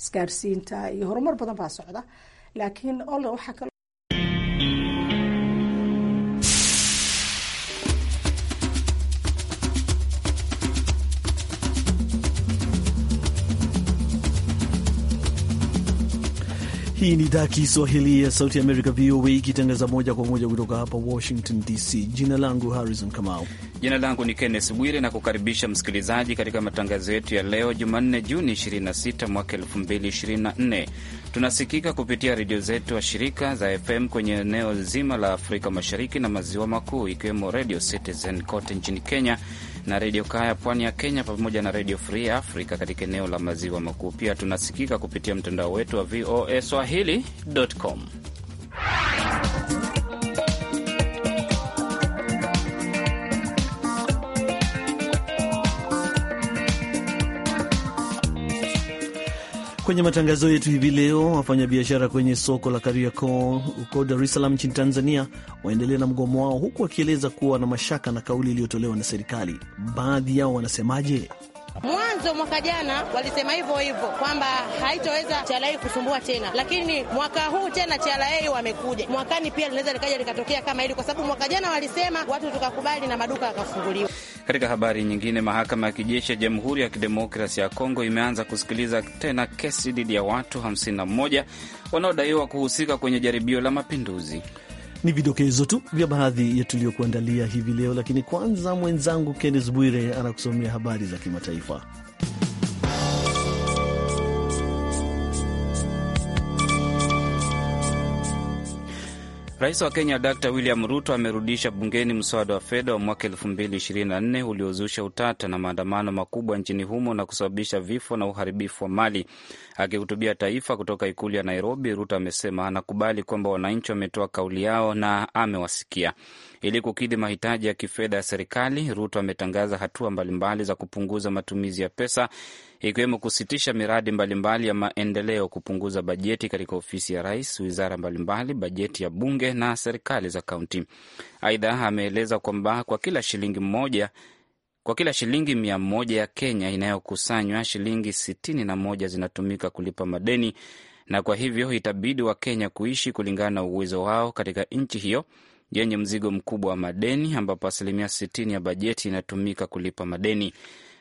isgaarsiinta iyo horumar badan baa socda laakiin ole waxaa kalo Hii ni idhaa Kiswahili ya Sauti ya Amerika, VOA, ikitangaza moja kwa moja kutoka hapa Washington DC. Jina langu Harrison Kamau Jina langu ni Kenneth Bwire na kukaribisha msikilizaji katika matangazo yetu ya leo Jumanne, Juni 26 mwaka 2024. Tunasikika kupitia redio zetu wa shirika za FM kwenye eneo zima la Afrika Mashariki na Maziwa Makuu, ikiwemo Radio Citizen kote nchini Kenya na Redio Kaya pwani ya Kenya, pamoja na Redio Free Africa katika eneo la Maziwa Makuu. Pia tunasikika kupitia mtandao wetu wa VOA swahili.com Kwenye matangazo yetu hivi leo, wafanyabiashara kwenye soko la Kariakoo huko Dar es Salaam nchini Tanzania waendelea na mgomo wao, huku wakieleza kuwa na mashaka na kauli iliyotolewa na serikali. Baadhi yao wanasemaje? Mwanzo mwaka jana walisema hivyo hivyo kwamba haitoweza TRA kusumbua tena, lakini mwaka huu tena TRA wamekuja. Mwakani pia linaweza likaja likatokea kama hili, kwa sababu mwaka jana walisema watu tukakubali na maduka yakafunguliwa. Katika habari nyingine, mahakama ya kijeshi ya Jamhuri ya Kidemokrasia ya Kongo imeanza kusikiliza tena kesi dhidi ya watu 51 wanaodaiwa kuhusika kwenye jaribio la mapinduzi. Ni vidokezo tu vya baadhi ya tuliyokuandalia hivi leo, lakini kwanza mwenzangu Kennes Bwire anakusomea habari za kimataifa. Rais wa Kenya Dr William Ruto amerudisha bungeni mswada wa fedha wa mwaka 2024 uliozusha utata na maandamano makubwa nchini humo na kusababisha vifo na uharibifu wa mali. Akihutubia taifa kutoka ikulu ya Nairobi, Ruto amesema anakubali kwamba wananchi wametoa kauli yao na amewasikia. Ili kukidhi mahitaji ya kifedha ya serikali, Ruto ametangaza hatua mbalimbali za kupunguza matumizi ya pesa, ikiwemo kusitisha miradi mbalimbali ya maendeleo, kupunguza bajeti katika ofisi ya rais, wizara mbalimbali, bajeti ya bunge na serikali za kaunti. Aidha, ameeleza kwamba kwa kila shilingi moja kwa kila shilingi mia moja ya Kenya inayokusanywa shilingi sitini na moja zinatumika kulipa madeni, na kwa hivyo itabidi Wakenya kuishi kulingana na uwezo wao katika nchi hiyo yenye mzigo mkubwa wa madeni, ambapo asilimia 60 ya bajeti inatumika kulipa madeni.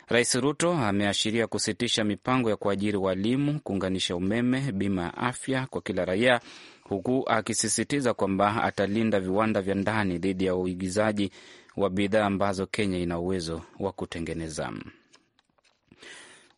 Rais Ruto ameashiria kusitisha mipango ya kuajiri walimu, kuunganisha umeme, bima ya afya kwa kila raia, huku akisisitiza kwamba atalinda viwanda vya ndani dhidi ya uigizaji wa bidhaa ambazo Kenya ina uwezo wa kutengeneza.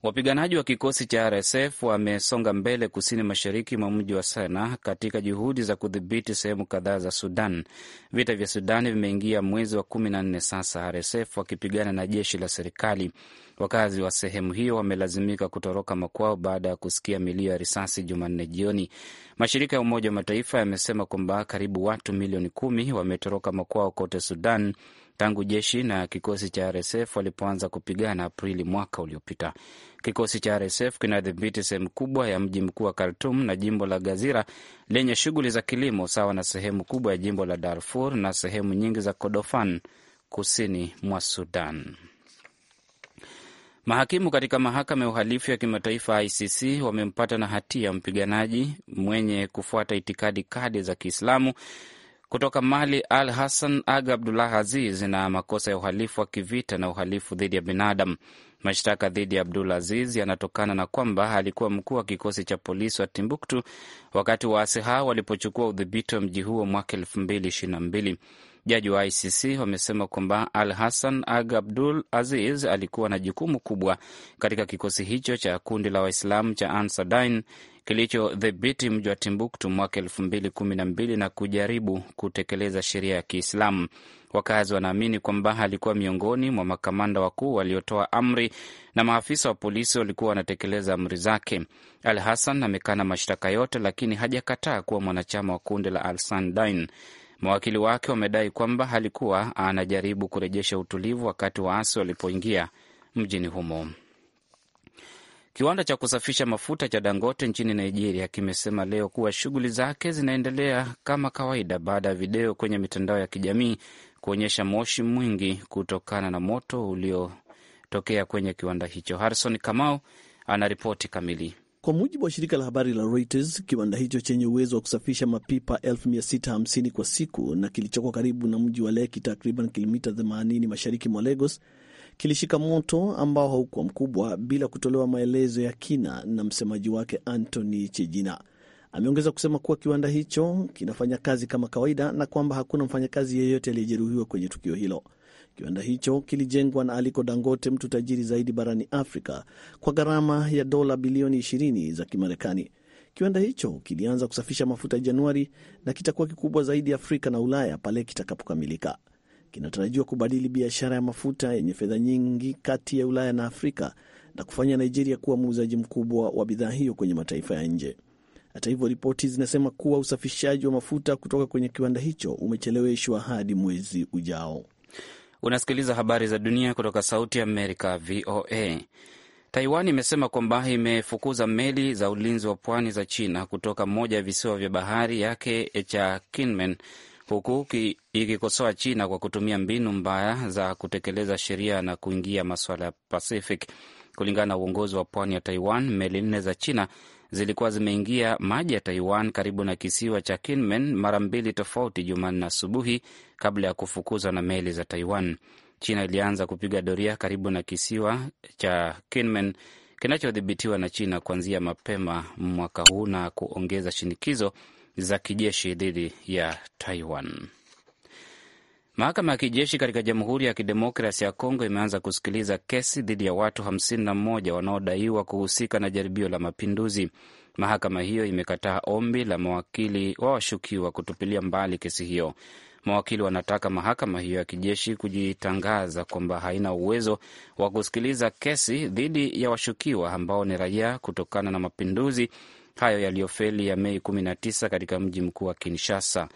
Wapiganaji wa kikosi cha RSF wamesonga mbele kusini mashariki mwa mji wa Sana katika juhudi za kudhibiti sehemu kadhaa za Sudan. Vita vya Sudan vimeingia mwezi wa kumi na nne sasa, RSF wakipigana na jeshi la serikali. Wakazi wa sehemu hiyo wamelazimika kutoroka makwao baada ya kusikia milio ya risasi Jumanne jioni. Mashirika ya Umoja wa Mataifa yamesema kwamba karibu watu milioni kumi wametoroka makwao kote Sudan tangu jeshi na kikosi cha RSF walipoanza kupigana Aprili mwaka uliopita. Kikosi cha RSF kinadhibiti sehemu kubwa ya mji mkuu wa Khartum na jimbo la Gazira lenye shughuli za kilimo sawa na sehemu kubwa ya jimbo la Darfur na sehemu nyingi za Kordofan kusini mwa Sudan. Mahakimu katika mahakama ya uhalifu ya kimataifa ICC wamempata na hatia mpiganaji mwenye kufuata itikadi kadi za Kiislamu kutoka Mali Al Hassan Aga Abdullah Aziz na makosa ya uhalifu wa kivita na uhalifu dhidi ya binadamu. Mashtaka dhidi ya Abdul Aziz yanatokana na kwamba alikuwa mkuu wa kikosi cha polisi wa Timbuktu wakati waasi hao walipochukua udhibiti wa mji huo mwaka elfu mbili ishirini na mbili. Jaji wa ICC wamesema kwamba Al Hassan ag Abdul Aziz alikuwa na jukumu kubwa katika kikosi hicho cha kundi la Waislamu cha Ansar Dine kilichodhibiti mji wa Timbuktu mwaka elfu mbili kumi na mbili na kujaribu kutekeleza sheria ya Kiislamu. Wakazi wanaamini kwamba alikuwa miongoni mwa makamanda wakuu waliotoa amri na maafisa wa polisi walikuwa wanatekeleza amri zake. Al Hassan amekana mashtaka yote, lakini hajakataa kuwa mwanachama wa kundi la Al Sandin. Mawakili wake wamedai kwamba alikuwa anajaribu kurejesha utulivu wakati waasi walipoingia mjini humo. Kiwanda cha kusafisha mafuta cha Dangote nchini Nigeria kimesema leo kuwa shughuli zake zinaendelea kama kawaida baada ya video kwenye mitandao ya kijamii kuonyesha moshi mwingi kutokana na moto uliotokea kwenye kiwanda hicho. Harrison Kamau anaripoti kamili. Kwa mujibu wa shirika la habari la Reuters, kiwanda hicho chenye uwezo wa kusafisha mapipa 650 kwa siku na kilichoko karibu na mji wa Leki, takriban kilomita 80 mashariki mwa Lagos, kilishika moto ambao haukuwa mkubwa bila kutolewa maelezo ya kina na msemaji wake Anthony Chejina. Ameongeza kusema kuwa kiwanda hicho kinafanya kazi kama kawaida na kwamba hakuna mfanyakazi yeyote aliyejeruhiwa kwenye tukio hilo. Kiwanda hicho kilijengwa na Aliko Dangote, mtu tajiri zaidi barani Afrika, kwa gharama ya dola bilioni 20 za Kimarekani. Kiwanda hicho kilianza kusafisha mafuta Januari na kitakuwa kikubwa zaidi Afrika na Ulaya pale kitakapokamilika kinatarajiwa kubadili biashara ya mafuta yenye fedha nyingi kati ya Ulaya na Afrika na kufanya Nigeria kuwa muuzaji mkubwa wa bidhaa hiyo kwenye mataifa ya nje. Hata hivyo, ripoti zinasema kuwa usafishaji wa mafuta kutoka kwenye kiwanda hicho umecheleweshwa hadi mwezi ujao. Unasikiliza habari za dunia kutoka Sauti ya Amerika, VOA. Taiwan imesema kwamba imefukuza meli za ulinzi wa pwani za China kutoka moja ya visiwa vya bahari yake cha Kinmen huku ikikosoa China kwa kutumia mbinu mbaya za kutekeleza sheria na kuingia masuala ya Pacific. Kulingana na uongozi wa pwani ya Taiwan, meli nne za China zilikuwa zimeingia maji ya Taiwan karibu na kisiwa cha Kinmen mara mbili tofauti Jumanne asubuhi kabla ya kufukuzwa na meli za Taiwan. China ilianza kupiga doria karibu na kisiwa cha Kinmen kinachodhibitiwa na China kuanzia mapema mwaka huu na kuongeza shinikizo za kijeshi dhidi ya Taiwan. Mahakama ya kijeshi katika Jamhuri ya Kidemokrasi ya Kongo imeanza kusikiliza kesi dhidi ya watu 51 wanaodaiwa kuhusika na jaribio la mapinduzi. Mahakama hiyo imekataa ombi la mawakili wa washukiwa kutupilia mbali kesi hiyo. Mawakili wanataka mahakama hiyo ya kijeshi kujitangaza kwamba haina uwezo wa kusikiliza kesi dhidi ya washukiwa ambao ni raia kutokana na mapinduzi hayo yaliyofeli ya Mei 19 katika mji mkuu wa Kinshasa.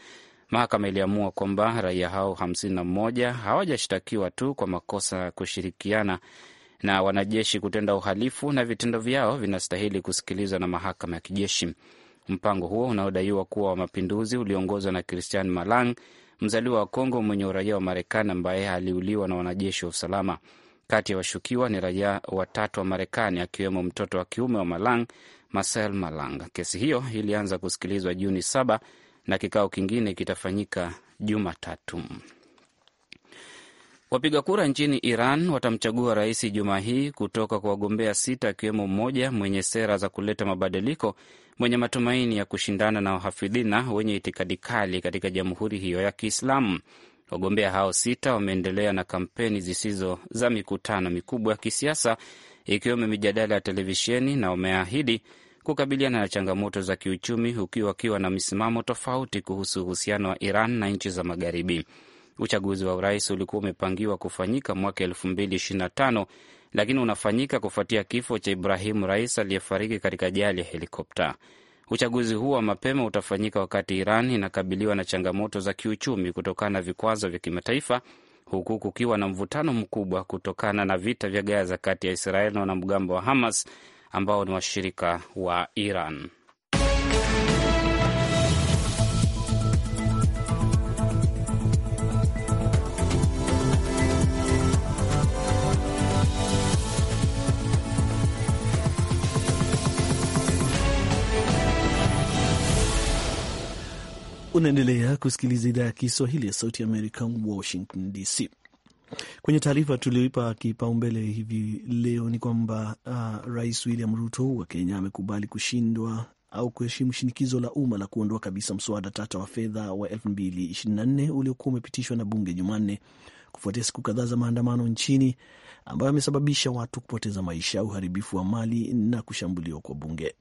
Mahakama iliamua kwamba raia hao 51 hawajashtakiwa tu kwa makosa ya kushirikiana na wanajeshi kutenda uhalifu na vitendo vyao vinastahili kusikilizwa na mahakama ya kijeshi. Mpango huo unaodaiwa kuwa wa mapinduzi ulioongozwa na Christian Malang, mzaliwa wa Kongo mwenye uraia wa Marekani ambaye aliuliwa na wanajeshi wa usalama. Kati ya washukiwa ni raia watatu wa Marekani akiwemo mtoto wa kiume wa Malang Marcel Malang. Kesi hiyo ilianza kusikilizwa Juni saba na kikao kingine kitafanyika Jumatatu. Wapiga kura nchini Iran watamchagua rais Jumaa hii kutoka kwa wagombea sita, akiwemo mmoja mwenye sera za kuleta mabadiliko mwenye matumaini ya kushindana na wahafidhina wenye itikadi kali katika jamhuri hiyo ya Kiislamu. Wagombea hao sita wameendelea na kampeni zisizo za mikutano mikubwa ya kisiasa ikiwemo mijadala ya televisheni na wameahidi kukabiliana na changamoto za kiuchumi, huku wakiwa na misimamo tofauti kuhusu uhusiano wa Iran na nchi za Magharibi. Uchaguzi wa urais ulikuwa umepangiwa kufanyika mwaka 2025 lakini unafanyika kufuatia kifo cha Ibrahimu Rais aliyefariki katika ajali ya helikopta. Uchaguzi huo wa mapema utafanyika wakati Iran inakabiliwa na changamoto za kiuchumi kutokana na vikwazo vya kimataifa, huku kukiwa na mvutano mkubwa kutokana na vita vya Gaza kati ya israel na wanamgambo wa Hamas ambao ni washirika wa Iran. Unaendelea kusikiliza idhaa ya Kiswahili ya Sauti ya Amerika, Washington DC. Kwenye taarifa tulioipa kipaumbele hivi leo ni kwamba uh, Rais William Ruto wa Kenya amekubali kushindwa au kuheshimu shinikizo la umma la kuondoa kabisa mswada tata wa fedha wa 2024 uliokuwa umepitishwa na bunge Jumanne kufuatia siku kadhaa za maandamano nchini ambayo amesababisha watu kupoteza maisha, uharibifu wa mali na kushambuliwa kwa bunge.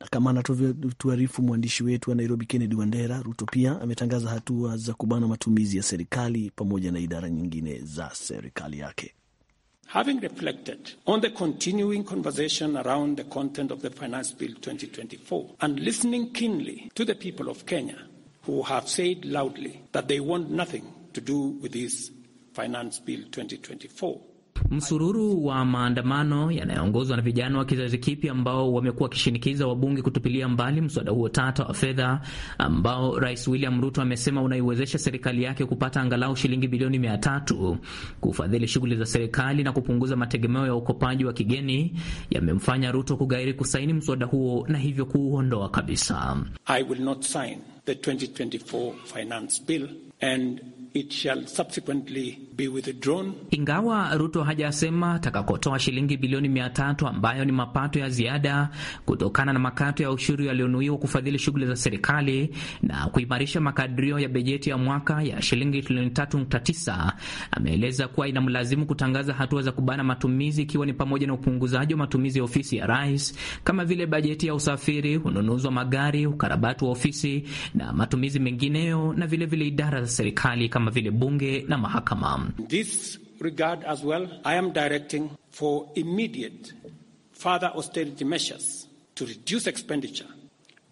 Na kama anatuarifu mwandishi wetu wa Nairobi, Kennedy Wandera, Ruto pia ametangaza hatua za kubana matumizi ya serikali pamoja na idara nyingine za serikali yake. Having reflected on the continuing conversation around the content of the Finance Bill 2024 and listening keenly to the people of Kenya who have said loudly that they want nothing to do with this Finance Bill 2024 Msururu wa maandamano yanayoongozwa na vijana wa kizazi kipya ambao wamekuwa wakishinikiza wabunge kutupilia mbali mswada huo tata wa fedha ambao Rais William Ruto amesema unaiwezesha serikali yake kupata angalau shilingi bilioni mia tatu kufadhili shughuli za serikali na kupunguza mategemeo ya ukopaji wa kigeni yamemfanya Ruto kugairi kusaini mswada huo na hivyo kuuondoa kabisa. I will not sign the 2024 finance bill and It shall subsequently be withdrawn. Ingawa Ruto hajasema atakakotoa shilingi bilioni mia tatu ambayo ni mapato ya ziada kutokana na makato ya ushuru yaliyonuiwa kufadhili shughuli za serikali na kuimarisha makadirio ya bajeti ya mwaka ya shilingi trilioni tisa, ameeleza kuwa inamlazimu kutangaza hatua za kubana matumizi ikiwa ni pamoja na upunguzaji wa matumizi ya ofisi ya rais kama vile bajeti ya usafiri, ununuzi wa magari, ukarabati wa ofisi na matumizi mengineyo, na vilevile vile idara za serikali kama kama vile bunge na mahakama. This regard as well, I am directing for immediate further austerity measures to reduce expenditure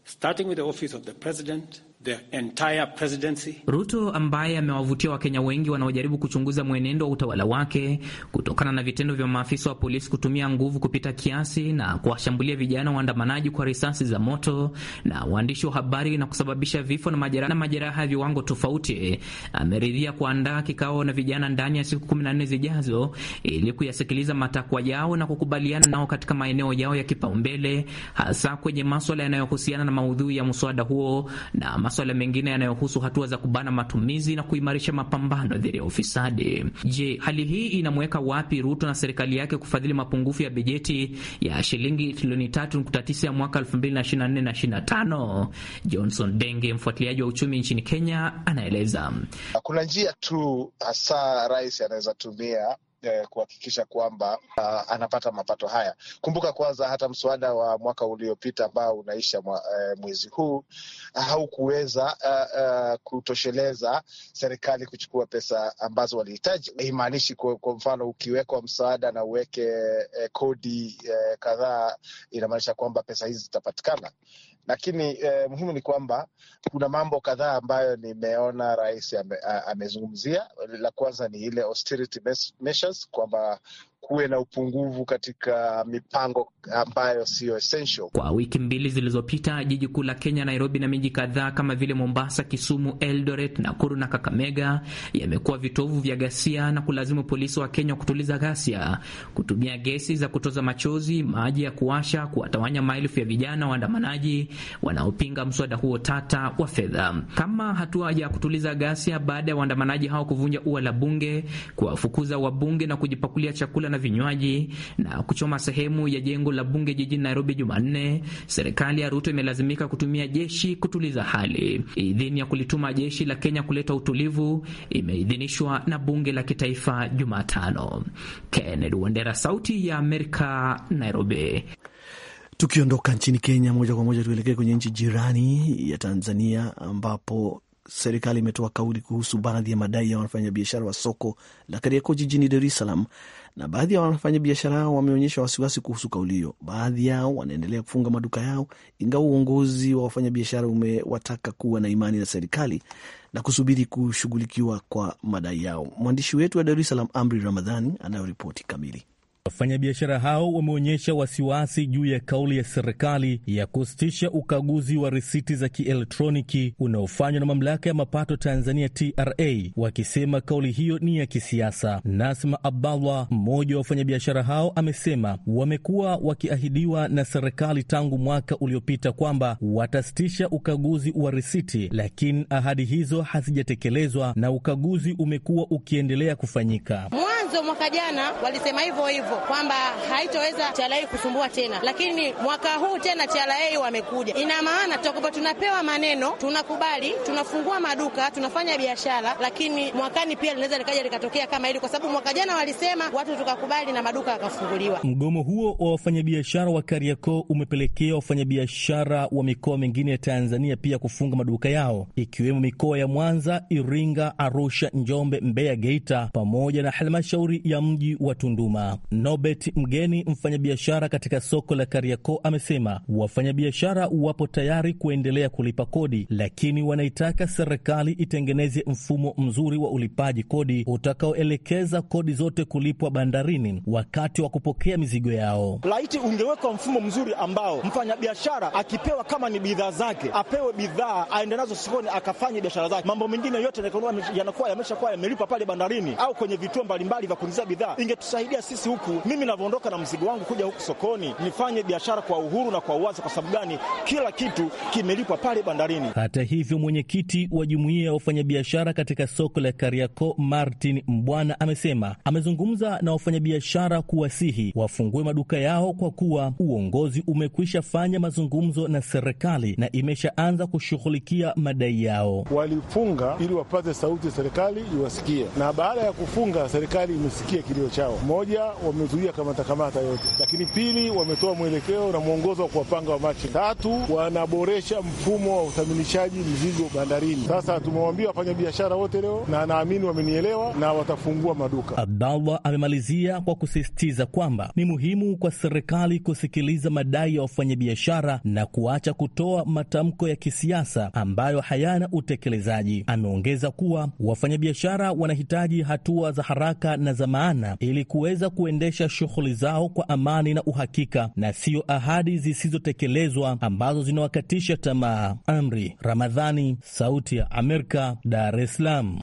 starting with the office of the president The entire presidency. Ruto ambaye amewavutia Wakenya wengi wanaojaribu kuchunguza mwenendo wa utawala wake kutokana na vitendo vya maafisa wa polisi kutumia nguvu kupita kiasi na kuwashambulia vijana waandamanaji kwa risasi za moto na waandishi wa habari na kusababisha vifo na majeraha majeraha ya viwango tofauti, ameridhia kuandaa kikao na vijana ndani ya siku 14 zijazo ili kuyasikiliza matakwa yao na kukubaliana nao katika maeneo yao ya kipaumbele, hasa kwenye maswala yanayohusiana na maudhui ya mswada huo na masuala mengine yanayohusu hatua za kubana matumizi na kuimarisha mapambano dhidi ya ufisadi. Je, hali hii inamweka wapi Ruto na serikali yake kufadhili mapungufu ya bajeti ya shilingi trilioni 3.9 ya mwaka 2024 na 25? Johnson Denge, mfuatiliaji wa uchumi nchini Kenya, anaeleza kuna njia tu hasa rais anaweza tumia eh, kuhakikisha kwamba uh, anapata mapato haya. Kumbuka kwanza, hata mswada wa mwaka uliopita ambao unaisha mwa, eh, mwezi huu haukuweza uh, uh, kutosheleza serikali kuchukua pesa ambazo walihitaji. Haimaanishi kwa, kwa mfano ukiwekwa msaada na uweke eh, kodi eh, kadhaa, inamaanisha kwamba pesa hizi zitapatikana. Lakini eh, muhimu ni kwamba kuna mambo kadhaa ambayo nimeona rais amezungumzia. La kwanza ni ile austerity measures, kwamba kuwe na upungufu katika mipango ambayo siyo essential. Kwa wiki mbili zilizopita, jiji kuu la Kenya Nairobi na miji kadhaa kama vile Mombasa, Kisumu, Eldoret, Nakuru na Kakamega yamekuwa vitovu vya ghasia na kulazimu polisi wa Kenya kutuliza ghasia kutumia gesi za kutoza machozi, maji ya kuwasha, kuwatawanya maelfu ya vijana waandamanaji wanaopinga mswada huo tata wa fedha, kama hatua ya kutuliza ghasia baada ya waandamanaji hao kuvunja ua la bunge, kuwafukuza wabunge na kujipakulia chakula na vinywaji na kuchoma sehemu ya jengo la bunge jijini Nairobi Jumanne, serikali ya Ruto imelazimika kutumia jeshi kutuliza hali. Idhini ya kulituma jeshi la Kenya kuleta utulivu imeidhinishwa na bunge la kitaifa Jumatano. Kennedy Wandera, Sauti ya Amerika, Nairobi. Tukiondoka nchini Kenya moja kwa moja tuelekee kwenye nchi jirani ya Tanzania ambapo serikali imetoa kauli kuhusu baadhi ya madai ya wafanyabiashara wa soko la Kariakoo jijini Dar es Salaam, na baadhi ya wafanyabiashara hao wameonyesha wasiwasi kuhusu kauli hiyo. Baadhi yao wanaendelea kufunga maduka yao, ingawa uongozi wa wafanyabiashara umewataka kuwa na imani na serikali na kusubiri kushughulikiwa kwa madai yao. Mwandishi wetu wa Dar es Salaam, Amri Ramadhani, anayoripoti kamili. Wafanyabiashara hao wameonyesha wasiwasi juu ya kauli ya serikali ya kusitisha ukaguzi wa risiti za kielektroniki unaofanywa na mamlaka ya mapato Tanzania TRA, wakisema kauli hiyo ni ya kisiasa. Nasma Abdallah, mmoja wa wafanyabiashara hao, amesema wamekuwa wakiahidiwa na serikali tangu mwaka uliopita kwamba watasitisha ukaguzi wa risiti, lakini ahadi hizo hazijatekelezwa na ukaguzi umekuwa ukiendelea kufanyika uchaguzi wa mwaka jana walisema hivyo hivyo kwamba haitoweza TRA kusumbua tena, lakini mwaka huu tena TRA wamekuja. Ina maana tutakuwa tunapewa maneno, tunakubali, tunafungua maduka, tunafanya biashara, lakini mwakani pia linaweza likaja likatokea kama hili, kwa sababu mwaka jana walisema watu tukakubali na maduka yakafunguliwa. Mgomo huo wa wafanyabiashara wa Kariakoo umepelekea wafanyabiashara wa mikoa mingine ya Tanzania pia kufunga maduka yao ikiwemo mikoa ya Mwanza, Iringa, Arusha, Njombe, Mbeya, Geita pamoja na halmashauri halmashauri ya mji wa Tunduma. Nobert Mgeni, mfanyabiashara katika soko la Kariakoo, amesema wafanyabiashara wapo tayari kuendelea kulipa kodi, lakini wanaitaka serikali itengeneze mfumo mzuri wa ulipaji kodi utakaoelekeza kodi zote kulipwa bandarini wakati wa kupokea mizigo yao. Laiti ungewekwa mfumo mzuri ambao mfanyabiashara akipewa kama ni bidhaa zake apewe bidhaa aende nazo sokoni akafanye biashara zake, mambo mengine yote yanakuwa yameshakuwa yamelipwa pale bandarini au kwenye vituo mbalimbali za kuingiza bidhaa ingetusaidia sisi huku, mimi navyoondoka na mzigo wangu kuja huku sokoni nifanye biashara kwa uhuru na kwa uwazi. Kwa sababu gani? Kila kitu kimelipwa pale bandarini. Hata hivyo, mwenyekiti wa jumuiya ya wafanyabiashara katika soko la Kariakoo Martin Mbwana amesema amezungumza na wafanyabiashara kuwasihi wafungue maduka yao kwa kuwa uongozi umekwisha fanya mazungumzo na serikali na imeshaanza kushughulikia madai yao. Walifunga ili wapate sauti, serikali iwasikie, na baada ya kufunga serikali tumesikia kilio chao. Moja, wamezuia kamatakamata yote, lakini pili, wametoa mwelekeo na mwongozo wa kuwapanga machi. Tatu, wanaboresha mfumo wa uthaminishaji mzigo bandarini. Sasa tumewaambia wafanyabiashara wote leo, na naamini wamenielewa na watafungua maduka. Abdallah amemalizia kwa kusisitiza kwamba ni muhimu kwa serikali kusikiliza madai ya wafanyabiashara na kuacha kutoa matamko ya kisiasa ambayo hayana utekelezaji. Ameongeza kuwa wafanyabiashara wanahitaji hatua za haraka na na za maana ili kuweza kuendesha shughuli zao kwa amani na uhakika, na siyo ahadi zisizotekelezwa ambazo zinawakatisha tamaa. Amri Ramadhani, Sauti ya Amerika, Dar es Salaam.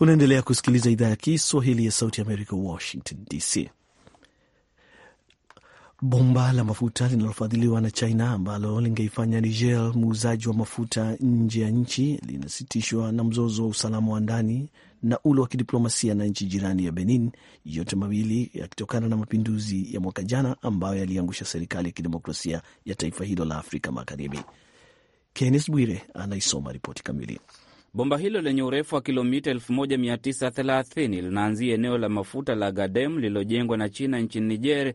Unaendelea kusikiliza idhaa ya Kiswahili ya Sauti ya Amerika, Washington DC bomba la mafuta linalofadhiliwa na China ambalo lingeifanya Niger muuzaji wa mafuta nje ya nchi linasitishwa na mzozo wa usalama wa ndani na ule wa kidiplomasia na nchi jirani ya Benin, yote mawili yakitokana na mapinduzi ya mwaka jana ambayo yaliangusha serikali ya kidemokrasia ya taifa hilo la Afrika Magharibi. Kennes Bwire anaisoma ripoti kamili. Bomba hilo lenye urefu wa kilomita 1930 linaanzia eneo la mafuta la Gadem lililojengwa na China nchini Niger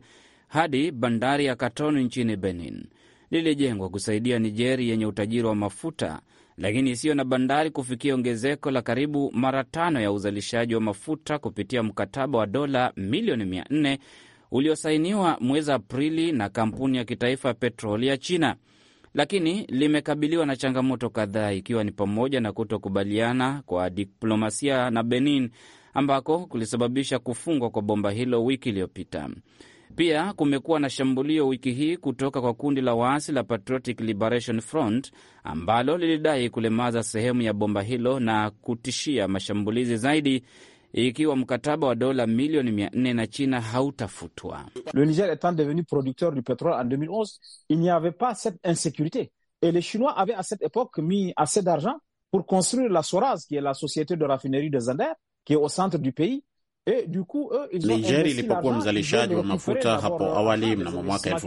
hadi bandari ya Katoni nchini Benin. Lilijengwa kusaidia Nijeri yenye utajiri wa mafuta lakini isiyo na bandari kufikia ongezeko la karibu mara tano ya uzalishaji wa mafuta kupitia mkataba wa dola milioni 400 uliosainiwa mwezi Aprili na kampuni ya kitaifa ya petroli ya China, lakini limekabiliwa na changamoto kadhaa, ikiwa ni pamoja na kutokubaliana kwa diplomasia na Benin ambako kulisababisha kufungwa kwa bomba hilo wiki iliyopita. Pia kumekuwa na shambulio wiki hii kutoka kwa kundi la waasi la Patriotic Liberation Front ambalo lilidai kulemaza sehemu ya bomba hilo na kutishia mashambulizi zaidi ikiwa mkataba wa dola milioni mia nne na China hautafutwa. Le Niger etant devenu producteur du pétrole en 2011 il n'y avait pas cette insécurité et les Chinois avaient à cette époque mis assez d'argent pour construire la SORAS qui est la société de raffinerie de Zander qui est au centre du pays E, du coup, eux, Niger ilipokuwa mzalishaji wa mafuta hapo awali mnamo mwaka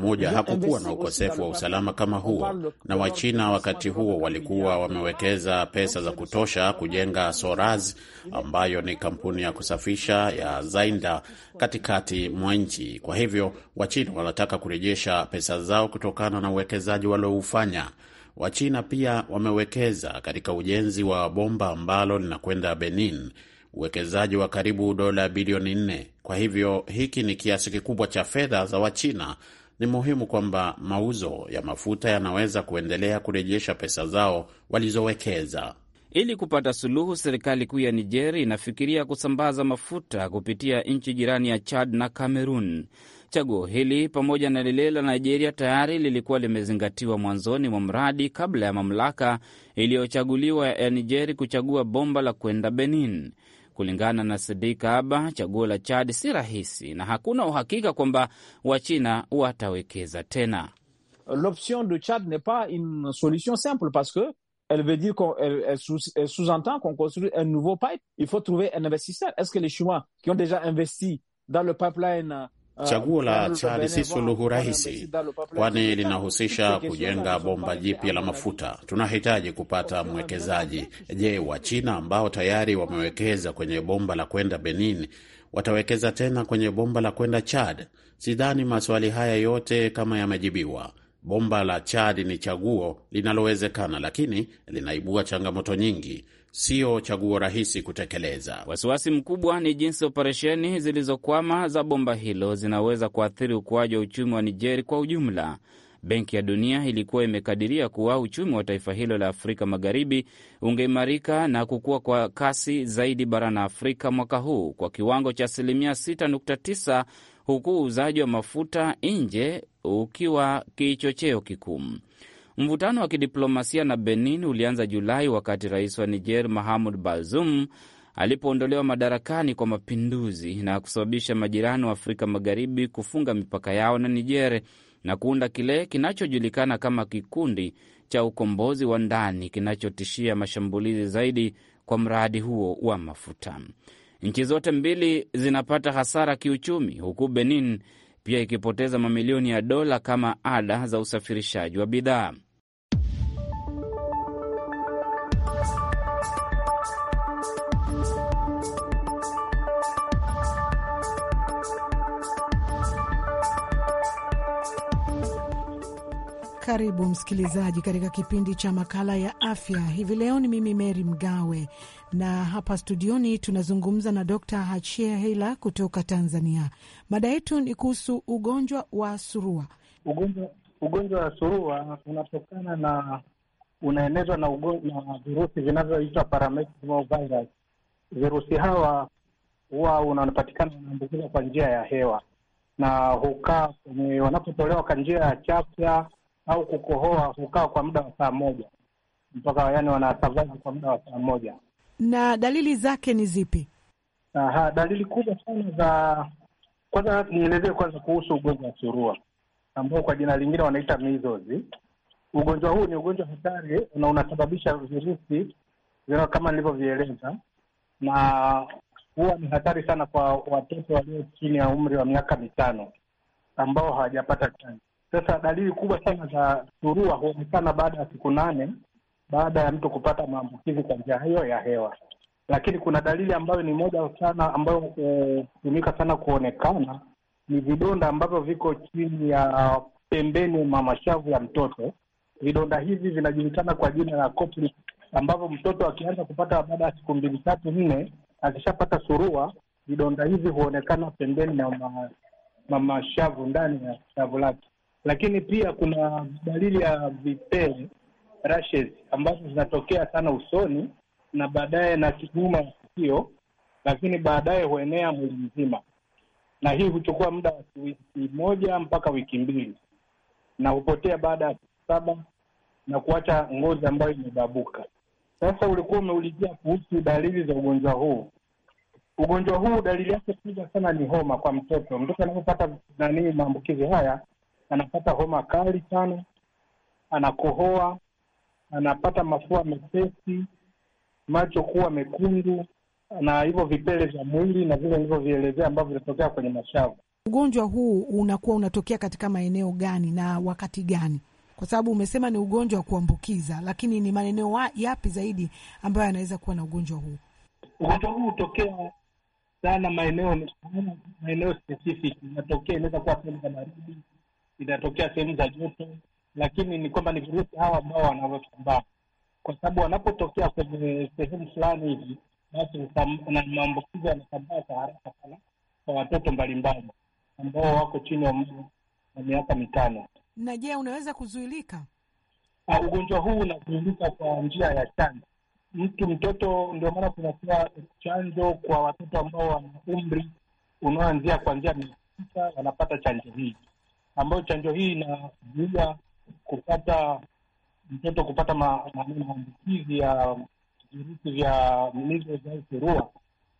moja hakukuwa na ukosefu wa usalama kama huo, na Wachina wakati huo walikuwa wamewekeza pesa za kutosha kujenga Soraz ambayo ni kampuni ya kusafisha ya Zainda katikati mwa nchi. Kwa hivyo Wachina wanataka kurejesha pesa zao kutokana na uwekezaji walioufanya. Wachina pia wamewekeza katika ujenzi wa bomba ambalo linakwenda Benin uwekezaji wa karibu dola bilioni nne. Kwa hivyo hiki ni kiasi kikubwa cha fedha za Wachina. Ni muhimu kwamba mauzo ya mafuta yanaweza kuendelea kurejesha pesa zao walizowekeza. Ili kupata suluhu, serikali kuu ya Niger inafikiria kusambaza mafuta kupitia nchi jirani ya Chad na Cameroon. Chaguo hili pamoja na lile la Nigeria tayari lilikuwa limezingatiwa mwanzoni mwa mradi kabla ya mamlaka iliyochaguliwa ya Nigeri kuchagua bomba la kwenda Benin. L'option de Chad n'est pas une solution simple parce que elle veut dire qu'elle sous-entend qu'on construit un nouveau pipe. Il faut trouver un investisseur. Est-ce que les Chinois qui ont déjà investi dans le pipeline Chaguo la Chad si suluhu rahisi, kwani linahusisha kujenga bomba jipya la mafuta. Tunahitaji kupata mwekezaji. Je, Wachina ambao tayari wamewekeza kwenye bomba la kwenda Benin watawekeza tena kwenye bomba la kwenda Chad? Sidhani maswali haya yote kama yamejibiwa. Bomba la Chad ni chaguo linalowezekana, lakini linaibua changamoto nyingi sio chaguo rahisi kutekeleza. Wasiwasi mkubwa ni jinsi operesheni zilizokwama za bomba hilo zinaweza kuathiri ukuaji wa uchumi wa Nijeri kwa ujumla. Benki ya Dunia ilikuwa imekadiria kuwa uchumi wa taifa hilo la Afrika Magharibi ungeimarika na kukua kwa kasi zaidi barani Afrika mwaka huu kwa kiwango cha asilimia 6.9 huku uuzaji wa mafuta nje ukiwa kichocheo kikuu. Mvutano wa kidiplomasia na Benin ulianza Julai wakati rais wa Niger Mahamud Bazoum alipoondolewa madarakani kwa mapinduzi na kusababisha majirani wa Afrika Magharibi kufunga mipaka yao na Niger na kuunda kile kinachojulikana kama kikundi cha ukombozi wa ndani kinachotishia mashambulizi zaidi kwa mradi huo wa mafuta. Nchi zote mbili zinapata hasara kiuchumi, huku Benin pia ikipoteza mamilioni ya dola kama ada za usafirishaji wa bidhaa. Karibu msikilizaji katika kipindi cha makala ya afya hivi leo. Ni mimi Meri Mgawe na hapa studioni tunazungumza na Dr Hachia Heila kutoka Tanzania. Mada yetu ni kuhusu ugonjwa wa surua. Ugonjwa, ugonjwa wa surua unatokana na unaenezwa na, na virusi vinavyoitwa Virusi hawa huwa unapatikana unaambukiza kwa njia ya hewa na hukaa kwenye wanapotolewa kwa njia ya chafya au kukohoa hukaa kwa muda wa saa moja mpaka yani wana survive kwa muda wa saa moja. Na dalili zake ni zipi? Aha, dalili kubwa sana za kwanza, nielezee kwanza kuhusu ugonjwa wa surua ambao kwa jina lingine wanaita measles. Ugonjwa huu ni ugonjwa hatari na unasababisha virusi kama nilivyovieleza, na huwa ni hatari sana kwa watoto walio chini ya umri wa miaka mitano ambao hawajapata chanjo. Sasa dalili kubwa sana za surua huonekana baada ya siku nane baada ya mtu kupata maambukizi kwa njia hiyo ya hewa, lakini kuna dalili ambayo ni moja sana ambayo eh, hutumika e, sana kuonekana ni vidonda ambavyo viko chini ya pembeni mwa mashavu ya mtoto. Vidonda hivi vinajulikana kwa jina la Koplik, ambavyo mtoto akianza kupata baada ya siku mbili tatu nne, akishapata surua, vidonda hivi huonekana pembeni mwa mashavu ndani ya shavu lake lakini pia kuna dalili ya vipele rashes ambazo zinatokea sana usoni na baadaye na kinyuma ya sikio, lakini baadaye huenea mwili mzima, na hii huchukua muda wa wiki moja mpaka wiki mbili, na hupotea baada ya siku saba na kuacha ngozi ambayo imebabuka. Sasa ulikuwa umeulizia kuhusu dalili za ugonjwa huu. Ugonjwa huu dalili yake kubwa sana ni homa kwa mtoto. Mtoto anapopata nani maambukizi haya anapata homa kali sana, anakohoa, anapata mafua mepesi, macho kuwa mekundu na hivyo vipele vya mwili na vile nilivyovielezea ambavyo vinatokea kwenye mashavu. Ugonjwa huu unakuwa unatokea katika maeneo gani na wakati gani? Kwa sababu umesema ni ugonjwa wa kuambukiza, lakini ni maeneo yapi zaidi ambayo yanaweza kuwa na ugonjwa huu? Ugonjwa huu hutokea sana maeneo maeneo spesifiki, inatokea inaweza kuwa sehemu za baridi inatokea sehemu za joto, lakini ni kwamba ni virusi hawa ambao wanavyosambaa, kwa sababu wanapotokea kwenye sehemu fulani hivi, basi na maambukizi yanasambaa kwa haraka sana kwa watoto mbalimbali ambao wako chini ya umri wa miaka mitano. Na je, unaweza kuzuilika? Ah, ugonjwa huu unazuilika kwa njia ya chanjo. Mtu mtoto, ndio maana kunatoa chanjo kwa watoto ambao wana umri unaoanzia kuanzia miezi tisa, wanapata chanjo hii ambayo chanjo hii inazuia kupata mtoto kupata maambukizi ya virusi vya measles au surua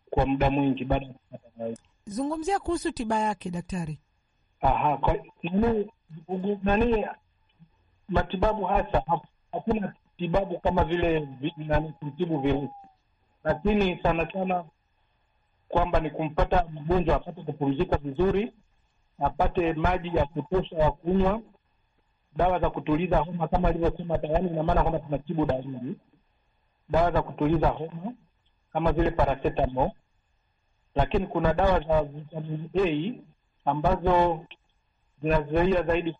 kwa muda mwingi baada ya kupata. Zungumzia kuhusu tiba yake, daktari. Aha, kwa nani, nani matibabu hasa, hakuna tibabu kama vile nani kumtibu virusi, lakini sana sana kwamba ni kumpata mgonjwa apate kupumzika vizuri apate maji ya kutosha ya kunywa, dawa za kutuliza homa kama alivyosema tayari. Ina maana kwamba tunatibu dalili, dawa za kutuliza homa kama vile paracetamol, lakini kuna dawa za vitamin A ambazo zinazuia zaidi,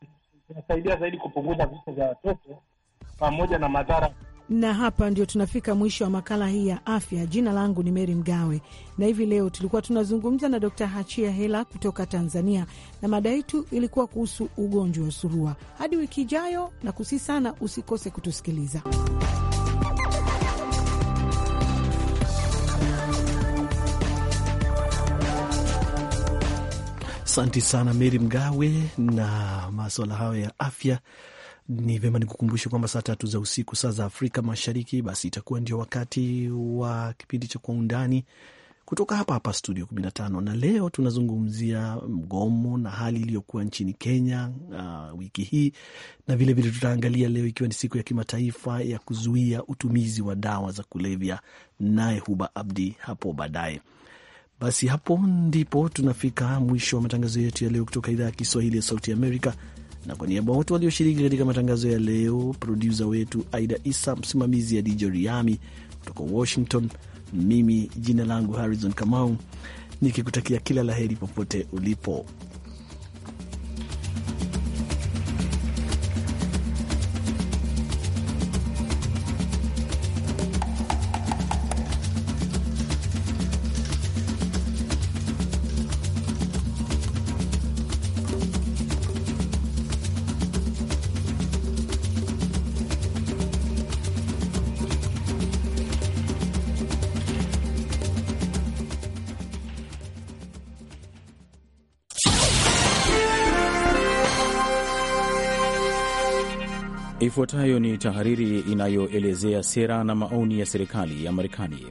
zinasaidia zaidi kupunguza vifo vya watoto pamoja na madhara na hapa ndio tunafika mwisho wa makala hii ya afya. Jina langu ni Meri Mgawe, na hivi leo tulikuwa tunazungumza na Dr Hachia Hela kutoka Tanzania, na mada yetu ilikuwa kuhusu ugonjwa wa surua. Hadi wiki ijayo, na kusi sana usikose kutusikiliza. Asante sana Meri Mgawe na maswala hayo ya afya ni vyema nikukumbushe kwamba saa tatu za usiku saa za Afrika Mashariki, basi itakuwa ndio wakati wa kipindi cha Kwa Undani kutoka hapa hapa studio 15 na leo tunazungumzia mgomo na hali iliyokuwa nchini Kenya uh, wiki hii na vilevile tutaangalia leo ikiwa ni siku ya kimataifa ya kuzuia utumizi wa dawa za kulevya, naye Huba Abdi hapo baadaye. Basi hapo ndipo tunafika mwisho wa matangazo yetu ya leo kutoka idhaa ya Kiswahili ya Sauti Amerika na kwa niaba wote walioshiriki katika matangazo ya leo, produsa wetu Aida Isa, msimamizi ya DJ Riami kutoka Washington, mimi jina langu Harrison Kamau nikikutakia kila laheri popote ulipo. Ifuatayo ni tahariri inayoelezea sera na maoni ya serikali ya Marekani.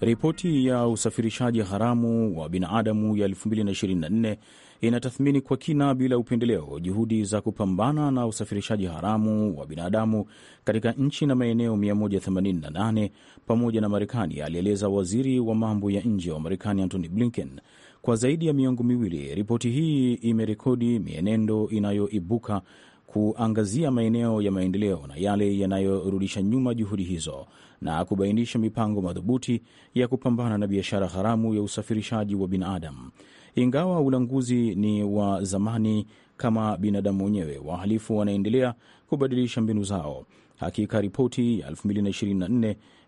Ripoti ya usafirishaji haramu wa binadamu ya 2024 inatathmini kwa kina, bila upendeleo, juhudi za kupambana na usafirishaji haramu wa binadamu katika nchi na maeneo 188 pamoja na Marekani, alieleza waziri wa mambo ya nje wa Marekani Antony Blinken. Kwa zaidi ya miongo miwili, ripoti hii imerekodi mienendo inayoibuka kuangazia maeneo ya maendeleo na yale yanayorudisha nyuma juhudi hizo na kubainisha mipango madhubuti ya kupambana na biashara haramu ya usafirishaji wa binadamu. Ingawa ulanguzi ni wa zamani, kama binadamu wenyewe, wahalifu wanaendelea kubadilisha mbinu zao. Hakika ripoti ya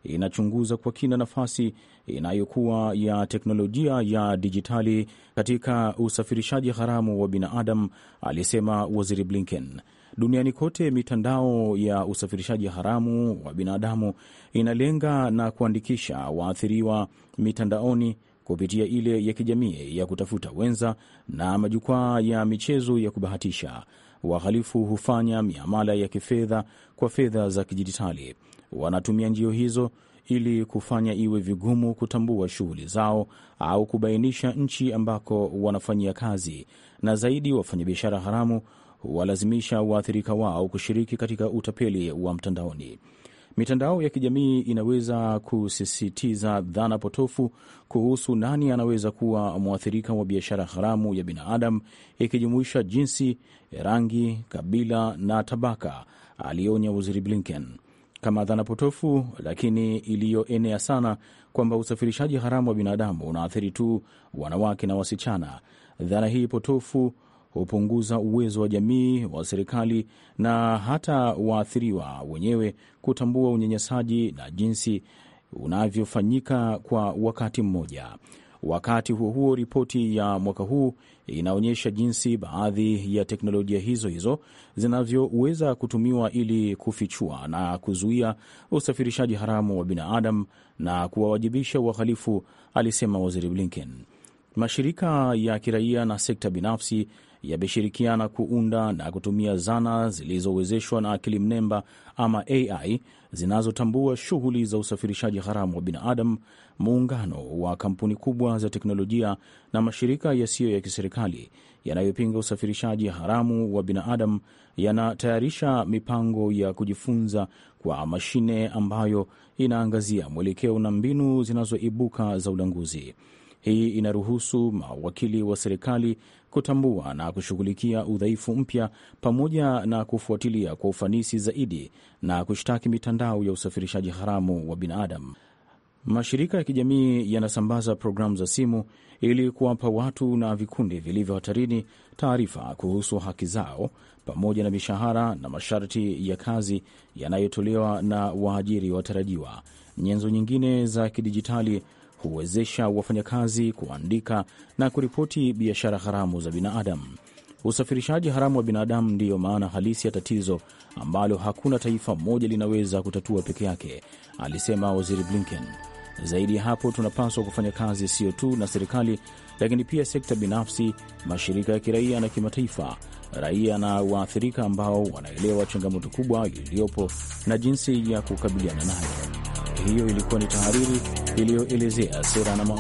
inachunguza kwa kina nafasi inayokuwa ya teknolojia ya dijitali katika usafirishaji haramu wa binadamu, alisema Waziri Blinken. Duniani kote mitandao ya usafirishaji haramu wa binadamu inalenga na kuandikisha waathiriwa mitandaoni kupitia ile ya kijamii ya kutafuta wenza na majukwaa ya michezo ya kubahatisha. Wahalifu hufanya miamala ya kifedha kwa fedha za kidijitali. Wanatumia njia hizo ili kufanya iwe vigumu kutambua shughuli zao au kubainisha nchi ambako wanafanyia kazi, na zaidi, wafanyabiashara haramu walazimisha waathirika wao kushiriki katika utapeli wa mtandaoni. Mitandao ya kijamii inaweza kusisitiza dhana potofu kuhusu nani anaweza kuwa mwathirika wa biashara haramu ya binadamu, ikijumuisha jinsi, rangi, kabila na tabaka, alionya Waziri Blinken kama dhana potofu lakini iliyoenea sana kwamba usafirishaji haramu wa binadamu unaathiri tu wanawake na wasichana. Dhana hii potofu hupunguza uwezo wa jamii, wa serikali na hata waathiriwa wenyewe kutambua unyanyasaji na jinsi unavyofanyika kwa wakati mmoja. Wakati huo huo, ripoti ya mwaka huu inaonyesha jinsi baadhi ya teknolojia hizo hizo zinavyoweza kutumiwa ili kufichua na kuzuia usafirishaji haramu wa binadamu na kuwawajibisha wahalifu, alisema Waziri Blinken. Mashirika ya kiraia na sekta binafsi yameshirikiana kuunda na kutumia zana zilizowezeshwa na akili mnemba ama AI zinazotambua shughuli za usafirishaji haramu wa binadamu. Muungano wa kampuni kubwa za teknolojia na mashirika yasiyo ya kiserikali yanayopinga usafirishaji haramu wa binadamu yanatayarisha mipango ya kujifunza kwa mashine ambayo inaangazia mwelekeo na mbinu zinazoibuka za ulanguzi. Hii inaruhusu mawakili wa serikali kutambua na kushughulikia udhaifu mpya pamoja na kufuatilia kwa ufanisi zaidi na kushtaki mitandao ya usafirishaji haramu wa binadamu. Mashirika ya kijamii yanasambaza programu za simu ili kuwapa watu na vikundi vilivyo hatarini taarifa kuhusu haki zao pamoja na mishahara na masharti ya kazi yanayotolewa na waajiri watarajiwa. Nyenzo nyingine za kidijitali huwezesha wafanyakazi kuandika na kuripoti biashara haramu za binadamu. Usafirishaji haramu wa binadamu ndiyo maana halisi ya tatizo ambalo hakuna taifa moja linaweza kutatua peke yake, alisema Waziri Blinken. Zaidi ya hapo, tunapaswa kufanya kazi sio tu na serikali, lakini pia sekta binafsi, mashirika ya kiraia na kimataifa, raia na waathirika ambao wanaelewa changamoto kubwa iliyopo na jinsi ya kukabiliana nayo. Hiyo ilikuwa ni tahariri iliyoelezea sera na